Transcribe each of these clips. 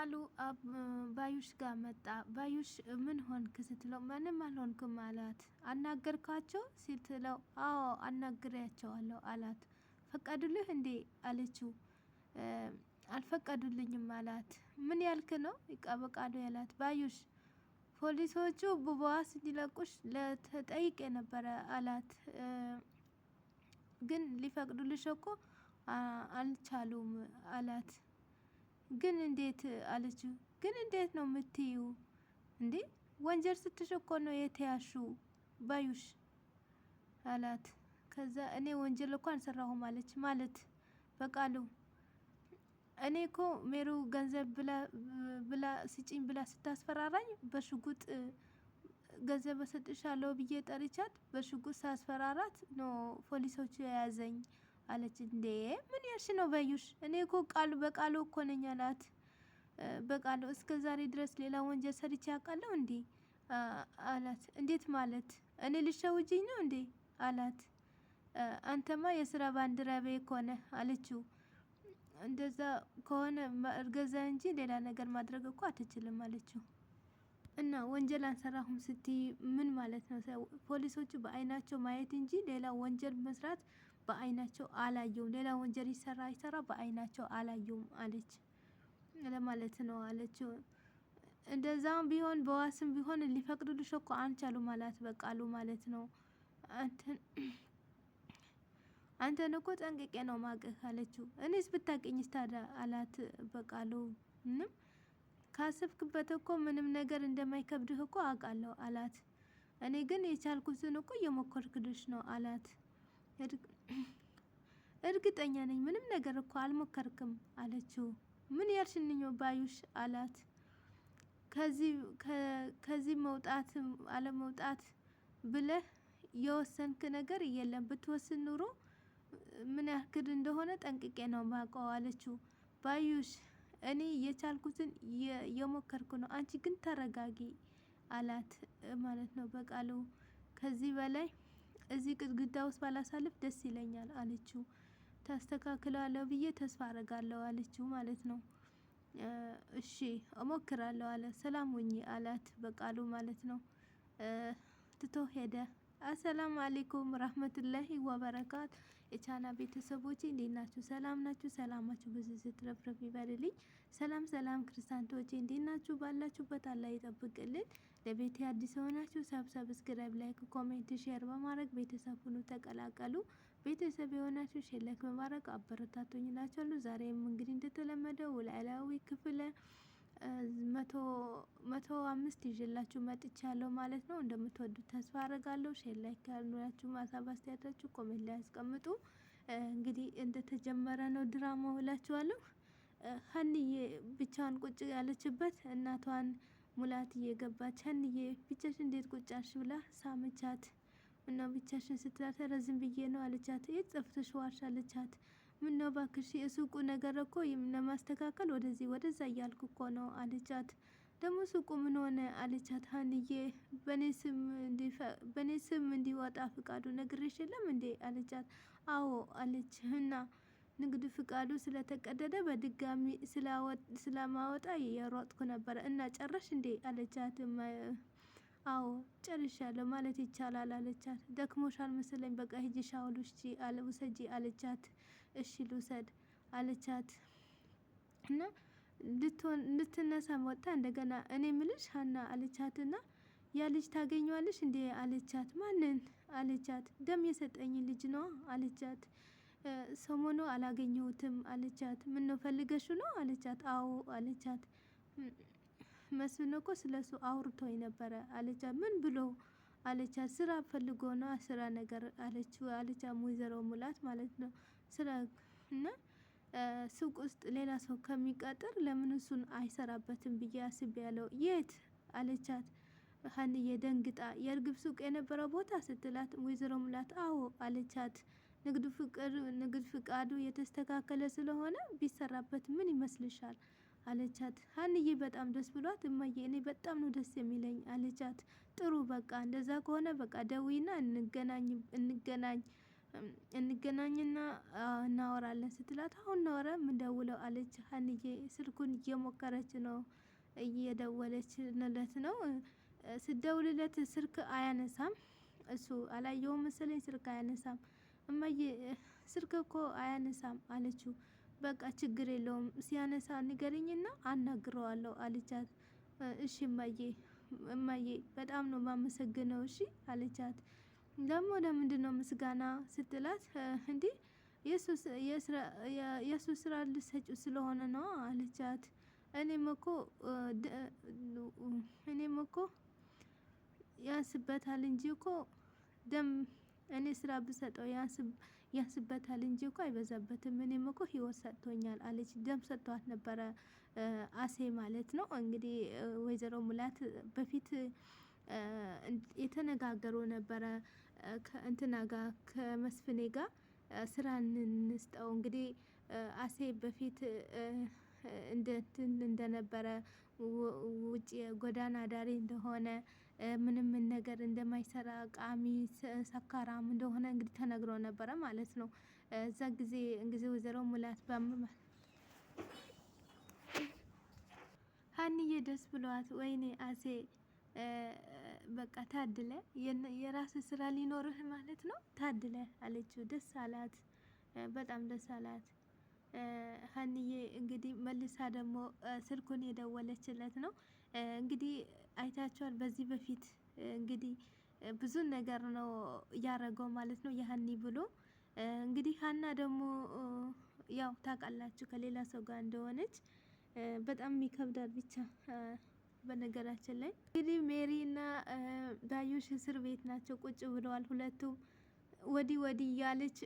አሉ ባዩሽ ጋር መጣ። ባዩሽ ምን ሆንክ ስትለው ምንም አልሆንኩም አላት። አናገርካቸው ስትለው አዎ አናግሬያቸዋለሁ አላት። ፈቀዱልህ እንዴ አለችው። አልፈቀዱልኝም አላት። ምን ያልክ ነው ይቀበቃሉ ያላት ባዩሽ። ፖሊሶቹ በዋስ እንዲለቁሽ ለተጠይቅ የነበረ አላት። ግን ሊፈቅዱልሽ እኮ አልቻሉም አላት። ግን እንዴት አለችው። ግን እንዴት ነው የምትዩ እንዴ? ወንጀል ስትሸኮ ነው የተያሹ ባዩሽ አላት። ከዛ እኔ ወንጀል እኮ አልሰራሁም አለች። ማለት በቃሉ እኔ እኮ ሜሩ ገንዘብ ብላ ስጭኝ ብላ ስታስፈራራኝ በሽጉጥ ገንዘብ በሰጥሻለሁ ብዬ ጠርቻት በሽጉጥ ሳስፈራራት ነው ፖሊሶቹ የያዘኝ። አለች። እንዴ ምን ያልሽ ነው ባዩሽ? እኔ እኮ ቃሉ በቃሉ እኮ ነኝ አላት። በቃሉ እስከ ዛሬ ድረስ ሌላ ወንጀል ሰርቼ ያውቃለሁ እንዴ አላት። እንዴት ማለት እኔ ልሸውጅኝ ነው እንዴ አላት። አንተማ የስራ ቤ ከሆነ አለችው። እንደዛ ከሆነ እርገዛ እንጂ ሌላ ነገር ማድረግ እኮ አትችልም አለችው። እና ወንጀል አንሰራሁም ስትይ ምን ማለት ነው? ፖሊሶቹ በአይናቸው ማየት እንጂ ሌላ ወንጀል መስራት በአይናቸው አላየውም፣ ሌላ ወንጀል ይሰራ ይሰራ በአይናቸው አላየውም አለች ለማለት ነው አለች። እንደዛም ቢሆን በዋስም ቢሆን ሊፈቅዱልሽ እኮ አንቻሉ ማለት በቃሉ ማለት ነው አንተን እኮ ጠንቅቄ ነው ማቅህ አለችው። እኔስ ብታቀኝስ ታዲያ አላት በቃሉ ምንም ካሰብክበት እኮ ምንም ነገር እንደማይከብድህ እኮ አውቃለሁ አላት። እኔ ግን የቻልኩትን እኮ እየሞከርኩልሽ ነው አላት። እርግጠኛ ነኝ ምንም ነገር እኮ አልሞከርክም አለችው። ምን ያልሽንኞ ባዩሽ አላት። ከዚህ መውጣት አለመውጣት ብለህ የወሰንክ ነገር የለም። ብትወስን ኑሮ ምን ያክል እንደሆነ ጠንቅቄ ነው ማውቀው አለችው። ባዩሽ እኔ የቻልኩትን የሞከርኩ ነው፣ አንቺ ግን ተረጋጊ አላት ማለት ነው በቃሉ ከዚህ በላይ እዚህ ግድግዳ ውስጥ ባላሳልፍ ደስ ይለኛል አለችው። አለው ብዬ ተስፋ አረጋለሁ አለችው ማለት ነው። እሺ እሞክራለሁ አለ። ሰላም ሁኚ አላት በቃሉ ማለት ነው። ትቶ ሄደ። አሰላም አሌይኩም ረህመቱላሂ ወበረካቱ የቻና ቤተሰቦች እንዴት ናችሁ? ሰላም ናችሁ? ሰላማችሁ ብዙ ስትረፍረፍ ይበልልኝ። ሰላም ሰላም ክርስቲያንቶች እንዴት ናችሁ? ባላችሁበት አላህ ይጠብቅልን። ለቤቴ አዲስ የሆናችሁ ሰብሰብ፣ ሰብስክራይብ፣ ላይክ፣ ኮሜንት፣ ሼር በማድረግ ቤተሰብ ሁኑ ተቀላቀሉ። ቤተሰብ የሆናችሁ ሼር፣ ላይክ በማድረግ አበረታቶኝ እላችኋለሁ። ዛሬም እንግዲህ እንደተለመደው ኖላዊ ክፍል መቶ አምስት ይዤላችሁ መጥቻለሁ ማለት ነው። እንደምትወዱት ተስፋ አረጋለሁ። ሼር ላይ ካሉላችሁ ሀሳብ አስተያየታችሁ ኮሜንት ላይ ያስቀምጡ። እንግዲህ እንደተጀመረ ነው ድራማው እላችኋለሁ። ሀንዬ ብቻዋን ቁጭ ያለችበት እናቷን ሙላት እየገባች ሀንዬ ብቻሽን እንዴት ቁጭ አልሽ ብላ ሳመቻት እና ብቻሽን ስትላት ረዝም ብዬ ነው አለቻት። የት ጠፍተሽ ዋልሽ አለቻት። ምነው ባክሽ የሱቁ ነገር እኮ ለማስተካከል ወደዚህ ወደዛ እያልኩ እኮ ነው አለቻት። ደግሞ ሱቁ ምን ሆነ አለቻት። ሀንዬ በእኔ ስም እንዲወጣ ፍቃዱ ነግሬሽ የለም እንዴ አለቻት። አዎ አለች እና ንግድ ፍቃዱ ስለተቀደደ በድጋሚ ስለማወጣ የሮጥኩ ነበረ እና ጨረሽ እንዴ አለቻት። አዎ ጨርሻለሁ ማለት ይቻላል አለቻት። ደክሞሻል መሰለኝ በቃ ሂጂ ሻወር ውሰጂ አለቻት። እሺ ልውሰድ አለቻት እና ልትነሳ ወጥታ እንደገና እኔ ምልሽ ሀና አለቻት አለቻትና ያ ልጅ ታገኘዋለሽ እንዴ አለቻት። ማንን አለቻት። ደም የሰጠኝ ልጅ ነው አለቻት። ሰሞኑ አላገኘሁትም አለቻት። ምን ነው ፈልገሽ ነው አለቻት። አዎ አለቻት። መስፍን እኮ ስለሱ አውርቶኝ ነበረ አለቻት። ምን ብሎ አለቻት። ስራ ፈልጎ ነው ስራ ነገር አለች አለቻት። ወይዘሮ ሙላት ማለት ነው ስለ እና ሱቅ ውስጥ ሌላ ሰው ከሚቀጥር ለምን እሱን አይሰራበትም ብዬ አስቤ ያለው የት አለቻት። ሀንዬ ደንግጣ የእርግብ ሱቅ የነበረው ቦታ ስትላት ወይዘሮ ሙላት አዎ አለቻት። ንግድ ፍቅር ንግድ ፍቃዱ የተስተካከለ ስለሆነ ቢሰራበት ምን ይመስልሻል አለቻት። ሀንዬ በጣም ደስ ብሏት እማዬ እኔ በጣም ነው ደስ የሚለኝ አለቻት። ጥሩ በቃ እንደዛ ከሆነ በቃ ደዊና እንገናኝ እንገናኝ እንገናኝና እናወራለን ስትላት አሁን ናወራ ምንደውለው አለች። ሀንዬ ስልኩን እየሞከረች ነው እየደወለችለት ነው። ስደውልለት ስልክ አያነሳም። እሱ አላየው መሰለኝ ስልክ አያነሳም። እማዬ ስልክ እኮ አያነሳም አለችው። በቃ ችግር የለውም ሲያነሳ ንገረኝና አናግረዋለሁ አለቻት። እሺ እማዬ እማዬ በጣም ነው ማመሰግነው እሺ አለቻት። ደግሞ ለምንድን ነው ምስጋና ስትላት እንዲህ የእሱ ስራ ልሰጩ ስለሆነ ነው አለቻት። እኔም እኮ እኔም እኮ ያንስበታል እንጂ እኮ ደም እኔ ስራ ብሰጠው ያንስበታል እንጂ እኮ አይበዛበትም። እኔም እኮ ህይወት ሰጥቶኛል አለች። ደም ሰጥቷት ነበረ አሴ ማለት ነው። እንግዲህ ወይዘሮ ሙላት በፊት የተነጋገሩ ነበረ እንትና ጋር ከመስፍኔ ጋር ስራ እንስጠው እንግዲህ አሴ በፊት እንደትን እንደነበረ ውጭ ጎዳና ዳሪ እንደሆነ ምንም ነገር እንደማይሰራ ቃሚ ሰካራም እንደሆነ እንግዲህ ተነግሮ ነበረ ማለት ነው። እዛ ጊዜ እንግዲህ ወይዘሮ ሙላት በምርመር ሀንዬ ደስ ብሏት ወይኔ አሴ በቃ ታድለ የራስ ስራ ሊኖርህ ማለት ነው። ታድለ አለችው። ደስ አላት፣ በጣም ደስ አላት። ሀንዬ እንግዲህ መልሳ ደግሞ ስልኩን የደወለችለት ነው። እንግዲህ አይታችኋል። በዚህ በፊት እንግዲህ ብዙ ነገር ነው ያረገው ማለት ነው የሀኒ ብሎ እንግዲህ ሀና ደግሞ ያው ታውቃላችሁ ከሌላ ሰው ጋር እንደሆነች በጣም ይከብዳል ብቻ በነገራችን ላይ እንግዲህ እና ዳዩሽ እስር ቤት ናቸው ቁጭ ብለዋል። ሁለቱም ወዲ ወዲ እያለች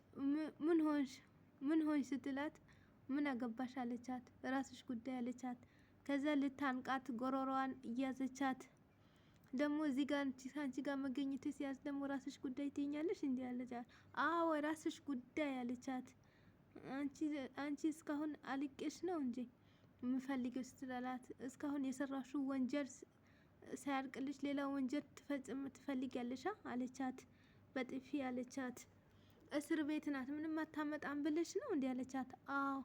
ምን ሆንሽ ምን ሆንሽ ስትላት ምን አገባሽ አለቻት። ራስሽ ጉዳይ አለቻት። ከዛ ልታንቃት ጎሮሮዋን እያዘቻት ደግሞ እዚህ ጋር አንቺ ጋር መገኘት ሲያዝ ደግሞ ራስሽ ጉዳይ ትኛለሽ እንዲ አለቻት። አዎ ራስሽ ጉዳይ አለቻት። አንቺ አንቺ እስካሁን አልቄሽ ነው እንጂ የምፈልገው ስትላላት እስካሁን የሰራሹ ወንጀል ሳያልቅልሽ ሌላ ወንጀል ትፈጽም ትፈልጊያለሽ አለቻት። በጥፊ አለቻት። እስር ቤት ናት ምንም አታመጣም ብለሽ ነው እንዲህ አለቻት። አዎ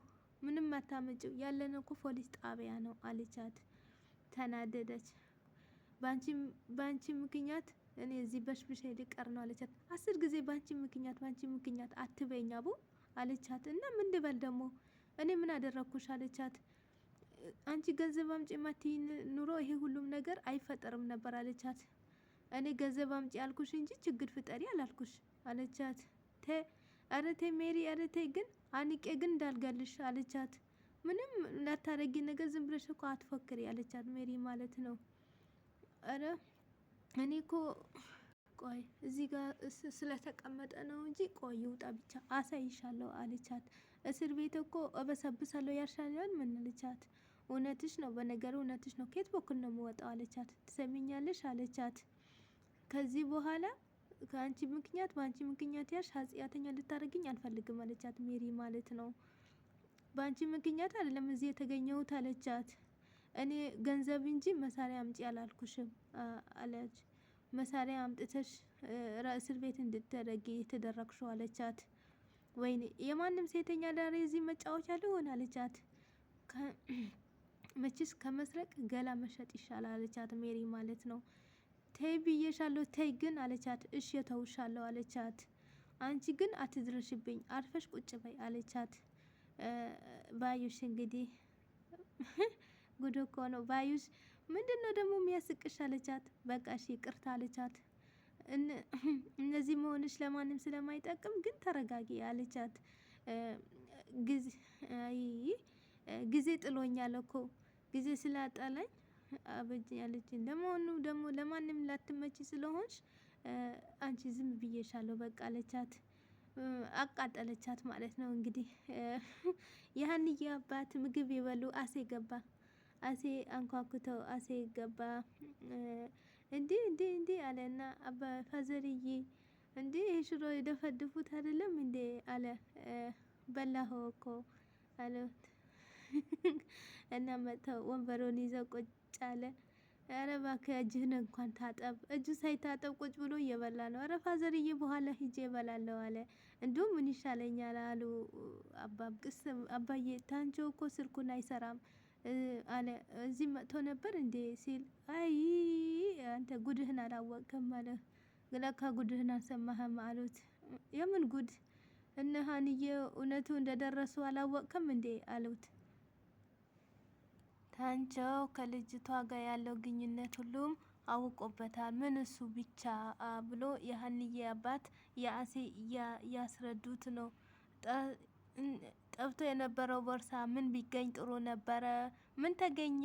ምንም አታመጭው ያለነው እኮ ፖሊስ ጣቢያ ነው አለቻት። ተናደደች። ባንቺ ምክንያት እኔ እዚህ በሽብሽ ልቀር ነው አለቻት። አስር ጊዜ ባንቺ ምክንያት ባንቺ ምክንያት አትበኛ ቦ አለቻት። እና ምን ልበል ደግሞ እኔ ምን አደረግኩሽ አለቻት። አንቺ ገንዘብ አምጪ ማቲ ኑሮ ይሄ ሁሉም ነገር አይፈጠርም ነበር አለቻት። እኔ ገንዘብ አምጪ አልኩሽ እንጂ ችግር ፍጠሪ አላልኩሽ አለቻት። ተ አረቴ ሜሪ አረቴ ግን አንቄ ግን እንዳልጋልሽ አለቻት። ምንም እንዳታረጊ ነገር ዝም ብለሽ እኮ አትፎክሪ አለቻት። ሜሪ ማለት ነው። አረ እኔ እኮ ቆይ እዚህ ጋር ስለተቀመጠ ነው እንጂ ቆይ ውጣ ብቻ አሳይሻለሁ አለቻት። እስር ቤት እኮ እበሰብሳለሁ ያርሻል ምን አለቻት። እውነትሽ ነው፣ በነገር እውነትሽ ነው። ከየት በኩል ነው የምወጣው አለቻት። ትሰሚኛለሽ አለቻት። ከዚህ በኋላ ከአንቺ ምክንያት በአንቺ ምክንያት ያሽ ኃጢአተኛ ልታደርግኝ አልፈልግም አለቻት። ሜሪ ማለት ነው። በአንቺ ምክንያት አይደለም እዚህ የተገኘሁት አለቻት። እኔ ገንዘብ እንጂ መሳሪያ አምጪ አላልኩሽም አለች። መሳሪያ አምጥተሽ እስር ቤት እንድትደረጊ የተደረግሽው አለቻት። ወይኔ የማንም ሴተኛ ዳሬ እዚህ መጫወቻ ልሆን አለቻት። መችስ ከመስረቅ ገላ መሸጥ ይሻላል አለቻት ሜሪ ማለት ነው። ተይ ብዬሻለሁ ተይ ግን አለቻት። እሽ የተውሻለሁ አለቻት። አንቺ ግን አትድረሽብኝ አርፈሽ ቁጭ በይ አለቻት። ባዩሽ እንግዲህ ጉድ እኮ ነው ባዩሽ። ምንድን ነው ደግሞ የሚያስቅሽ አለቻት። በቃ እሺ ይቅርታ አለቻት። እነዚህ መሆንሽ ለማንም ስለማይጠቅም ግን ተረጋጊ አለቻት። ጊዜ ጥሎኛል እኮ ጊዜ ስላጣላኝ አበጅ ያለችኝ ለመሆኑ ደግሞ ለማንም ላትመች ስለሆንሽ አንቺ ዝም ብዬሻለሁ በቃ አለቻት። አቃጠለቻት ማለት ነው እንግዲህ። የሀንዬ አባት ምግብ የበሉ አሴ ገባ። አሴ አንኳኩተው አሴ ገባ። እንዲህ እንዴ እንዴ አለና አባ ፋዘርዬ እንዴ ይህ ሽሮ የደፈድፉት አይደለም እንዴ አለ። በላሆ እኮ አለት እና መጥተው ወንበሮን ይዘው ቁጭ አለ። ኧረ እባክህ እጅህን እንኳን ታጠብ። እጁ ሳይታጠብ ቁጭ ብሎ እየበላ ነው። ኧረ ፋዘርዬ በኋላ ሂጄ እበላለሁ አለ። እንዲሁም ምን ይሻለኛል አሉ ቅስ አባዬ ታንቾ እኮ ስልኩን አይሰራም አለ። እዚህ መጥቶ ነበር እንዴ ሲል አይ አንተ ጉድህን አላወቅክም አለ። ለካ ጉድህን አልሰማህም አሉት። የምን ጉድ እነ ሀንዬ እውነቱ እንደደረሱ አላወቅክም እንዴ አሉት። ታንቸው ከልጅቷ ጋር ያለው ግንኙነት ሁሉም አውቆበታል። ምን እሱ ብቻ ብሎ የሀንዬ አባት የአሴ እያስረዱት ነው። ጠብቶ የነበረው ቦርሳ ምን ቢገኝ ጥሩ ነበረ? ምን ተገኘ?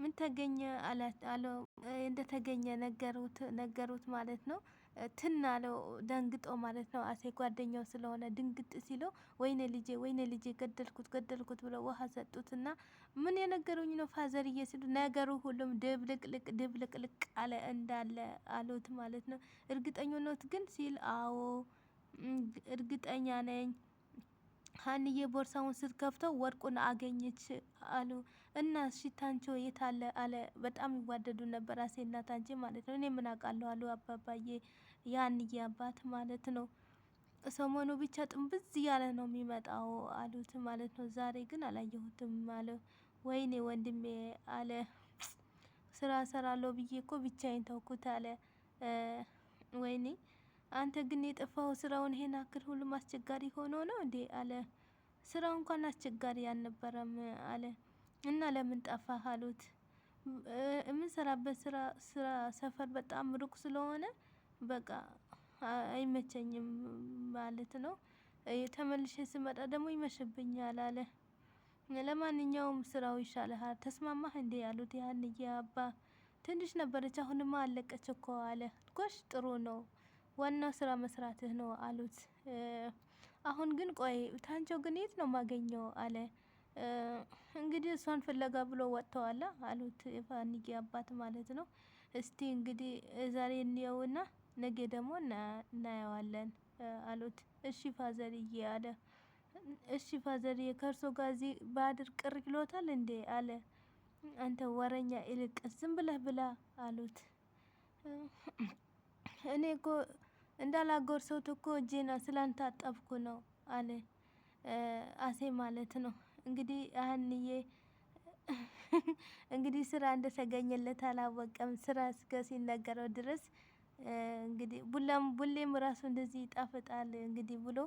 ምን ተገኘ? አለ እንደተገኘ ነገሩት ነገሩት ማለት ነው። ትናለው ደንግጦ ማለት ነው። አሴ ጓደኛው ስለሆነ ድንግጥ ሲለው ወይኔ ልጄ ወይኔ ልጄ ገደልኩት ገደልኩት ብለው ውሃ ሰጡትና ምን የነገሩኝ ነው ፋዘርዬ ሲሉ ነገሩ ሁሉም ድብልቅልቅ ድብልቅልቅ አለ እንዳለ አሉት ማለት ነው። እርግጠኝነት ግን ሲል አዎ እርግጠኛ ነኝ ሀንዬ ቦርሳውን ስትከፍተው ወርቁን አገኘች አሉ። እና እሺ ታንቾ የት አለ አለ። በጣም ይዋደዱ ነበር አሴና ታንቼ ማለት ነው። እኔ ምን አውቃለሁ አሉ አባባዬ ያንዬ አባት ማለት ነው። ሰሞኑ ብቻ ጥንብዝ እያለ ነው የሚመጣው አሉት ማለት ነው። ዛሬ ግን አላየሁትም አለ። ወይኔ ወንድሜ አለ። ስራ ሰራለሁ ብዬ እኮ ብቻዬን ተውኩት አለ። ወይኔ አንተ ግን የጠፋው ስራውን ይሄን አክል ሁሉም አስቸጋሪ ሆኖ ነው እንዴ? አለ። ስራው እንኳን አስቸጋሪ አልነበረም አለ። እና ለምን ጠፋህ አሉት። የምንሰራበት ስራ ስራ ሰፈር በጣም ሩቅ ስለሆነ በቃ አይመቸኝም ማለት ነው። ተመልሼ ስመጣ ደግሞ ይመሽብኛል አለ። ለማንኛውም ስራው ይሻልሃል ተስማማህ እንዴ ያሉት ያንዬ አባ ትንሽ ነበረች አሁንማ አለቀች እኮ አለ። ጎሽ ጥሩ ነው ዋናው ስራ መስራትህ ነው አሉት። አሁን ግን ቆይ ታንቸው ግን የት ነው ማገኘው አለ። እንግዲህ እሷን ፍለጋ ብሎ ወጥተዋላ አሉት የፋንዬ አባት ማለት ነው። እስቲ እንግዲህ ዛሬ እንየውና ነገ ደግሞ እናየዋለን አሉት። እሺ ፋዘርዬ አለ። እሺ ፋዘርዬ ከእርሶ ጋር እዚህ ባድር ቅር ይሎታል እንዴ? አለ። አንተ ወረኛ ይልቅ ዝም ብለህ ብላ አሉት። እኔ እኮ እንዳላጎርሰው እኮ እጄና ስላልታጠብኩ ነው አለ አሴ ማለት ነው። እንግዲህ አህንዬ እንግዲህ ስራ እንደተገኘለት አላወቀም። ስራ እስከ ሲነገረው ድረስ እንግዲህ ቡላም ቡሌም ራሱ እንደዚህ ይጣፍጣል እንግዲህ ብሎ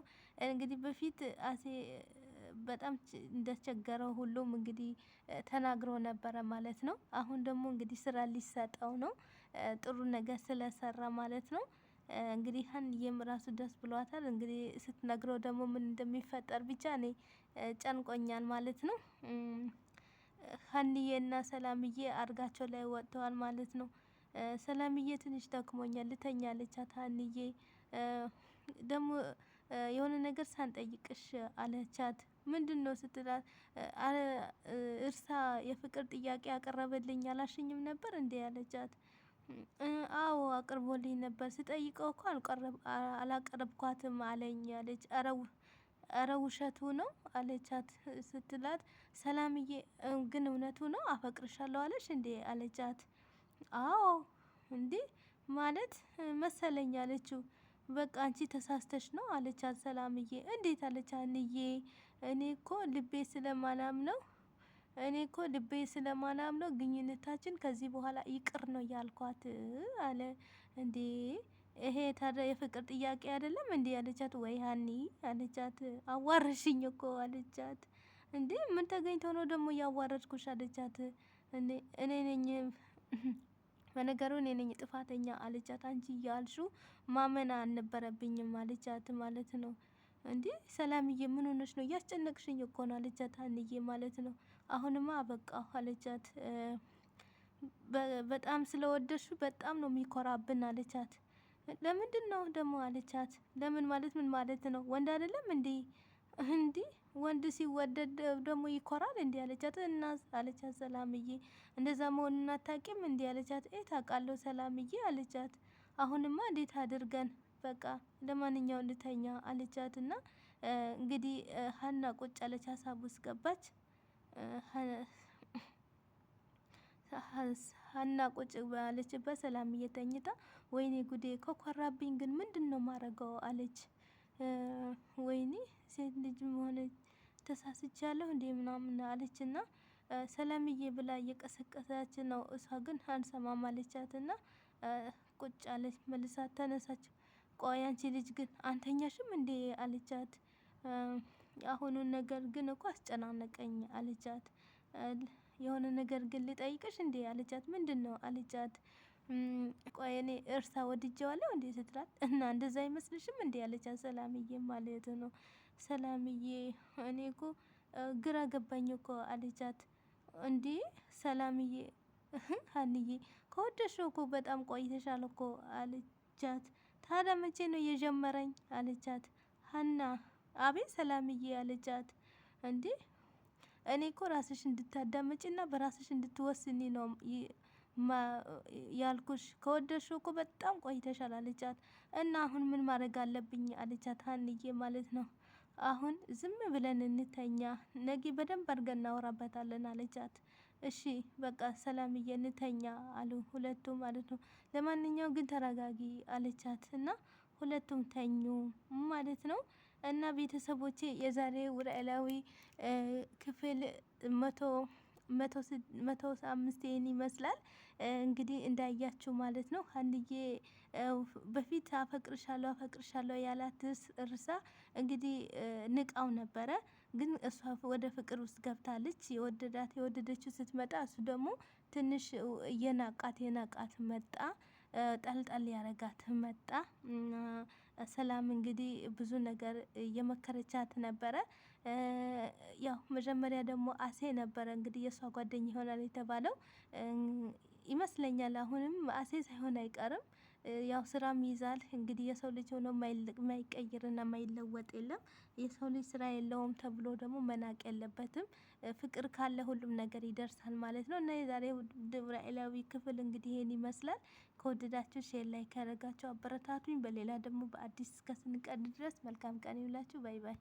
እንግዲህ በፊት አሴ በጣም እንደቸገረው ሁሉም እንግዲህ ተናግሮ ነበረ ማለት ነው። አሁን ደግሞ እንግዲህ ስራ ሊሰጠው ነው ጥሩ ነገር ስለሰራ ማለት ነው። እንግዲህ ሀንዬም ራሱ ደስ ብሏታል። እንግዲህ ስትነግረው ደግሞ ምን እንደሚፈጠር ብቻ እኔ ጨንቆኛል ማለት ነው። እና ሰላምዬ አልጋቸው ላይ ወጥተዋል ማለት ነው። ሰላምዬ ትንሽ ደክሞኛል ልተኛለች አታንዬ ደግሞ የሆነ ነገር ሳንጠይቅሽ አለቻት። ምንድን ነው ስትላት እርሳ የፍቅር ጥያቄ ያቀረበልኝ አላሽኝም ነበር እንዴ አለቻት። አዎ አቅርቦልኝ ነበር ስጠይቀው እኮ አላቀረብኳትም አለኝ አለች። እረ ውሸቱ ነው አለቻት ስትላት ሰላምዬ ግን እውነቱ ነው አፈቅርሻለሁ አለሽ እንዴ አለቻት። አዎ እንዴ ማለት መሰለኝ አለችው። በቃ አንቺ ተሳስተሽ ነው አለቻት ሰላምዬ። እንዴት አለቻት አንዬ። እኔ እኮ ልቤ ስለማናም ነው እኔ እኮ ልቤ ስለማናም ነው ግንኙነታችን ከዚህ በኋላ ይቅር ነው ያልኳት አለ። እንዴ ይሄ ታዲያ የፍቅር ጥያቄ አይደለም እንዴ አለቻት። ወይ ሀኒ አለቻት። አዋረሽኝ እኮ አለቻት። እንዴ ምን ተገኝተው ነው ደግሞ እያዋረድኩሽ አለቻት። እኔ ነኝ በነገሩ እኔ ነኝ ጥፋተኛ አልጃት። አንቺ እያልሹ ማመን አልነበረብኝም አልጃት ማለት ነው። እንዴ ሰላምዬ ምን ሆነች ነው እያስጨነቅሽኝ እኮ ነው አልጃት። አንዬ ማለት ነው። አሁንማ በቃሁ አልጃት። በጣም ስለወደሹ በጣም ነው የሚኮራብን አለቻት። ለምንድን ነው ደግሞ አለቻት። ለምን ማለት ምን ማለት ነው? ወንድ አይደለም እንዴ እንዲህ ወንድ ሲወደድ ደግሞ ይኮራል እንዲህ አለቻት። እና አለቻት ሰላምዬ፣ እንደዛ መሆኑን እናታቂም እንዲህ አለቻት። ኤ ታውቃለሁ ሰላምዬ አለቻት። አሁንማ እንዴት አድርገን በቃ ለማንኛው ልተኛ አለቻት። እና እንግዲህ ሀና ቁጭ አለች፣ ሀሳብ ውስጥ ገባች። ሀና ቁጭ ባለችበት ሰላምዬ ተኝታ ወይኔ ጉዴ ከኮራብኝ ግን ምንድን ነው ማረገው አለች። ወይኔ ሴት ልጅ መሆነች ተሳስቻለሁ እንዴ ምናምን አለችና ሰላምዬ ብላ እየቀሰቀሰች ነው። እሷ ግን አንሰማም አለቻት አለቻትና ቁጭ አለች። መልሳ ተነሳች። ቆይ አንቺ ልጅ ግን አንተኛሽም እንዴ አለቻት። የአሁኑን ነገር ግን እኮ አስጨናነቀኝ አለቻት። የሆነ ነገር ግን ልጠይቅሽ እንዴ አለቻት። ምንድን ነው አለቻት። ቆይ እኔ እርሳ ወድጀዋለሁ እንዴ ስትላት እና እንደዛ አይመስልሽም እንዴ አለቻት። ሰላምዬ ማለት ነው ሰላምዬ እኔ እኮ ግራ ገባኝ እኮ አለቻት። እንዴ ሰላምዬ ሀንዬ ከወደድሽው እኮ በጣም ቆይተሻል እኮ አለቻት። ታዲያ መቼ ነው የጀመረኝ አለቻት። ሀና አቤት ሰላምዬ አለቻት። እንዴ እኔ እኮ ራስሽ እና በራስሽ እንድትወስኒ ነው ያልኩሽ ከወደድሽው እኮ በጣም ቆይተሻል አለቻት። እና አሁን ምን ማድረግ አለብኝ አለቻት ሀንዬ ማለት ነው። አሁን ዝም ብለን እንተኛ፣ ነገ በደንብ አድርገን እናወራበታለን አለቻት። እሺ በቃ ሰላምዬ እንተኛ አሉ ሁለቱ ማለት ነው። ግን ተረጋጊ አለቻት እና ሁለቱም ተኙ ማለት ነው። እና ቤተሰቦቼ የዛሬ ኖላዊ ክፍል መቶ መቶ አምስት ይህን ይመስላል እንግዲህ እንዳያችሁ ማለት ነው። ሀንዬ በፊት አፈቅርሻለሁ አፈቅርሻለሁ ያላት እርሳ እንግዲህ ንቃው ነበረ። ግን እሷ ወደ ፍቅር ውስጥ ገብታለች። የወደዳት የወደደችው ስትመጣ እሱ ደግሞ ትንሽ የናቃት የናቃት መጣ። ጠልጠል ያረጋት መጣ። ሰላም እንግዲህ ብዙ ነገር እየመከረቻት ነበረ። ያው መጀመሪያ ደግሞ አሴ ነበረ እንግዲህ የእሷ ጓደኛ ይሆናል የተባለው ይመስለኛል። አሁንም አሴ ሳይሆን አይቀርም። ያው ስራም ይዛል። እንግዲህ የሰው ልጅ ሆኖ ማይቀይርና ማይለወጥ የለም። የሰው ልጅ ስራ የለውም ተብሎ ደግሞ መናቅ የለበትም። ፍቅር ካለ ሁሉም ነገር ይደርሳል ማለት ነው እና የዛሬው ድብራኤላዊ ክፍል እንግዲህ ይህን ይመስላል። ከወደዳችሁ ሼር ላይ ካረጋችሁ አበረታቱኝ። በሌላ ደግሞ በአዲስ እስከ ስንቀድ ድረስ መልካም ቀን ይውላችሁ። ባይ ባይ።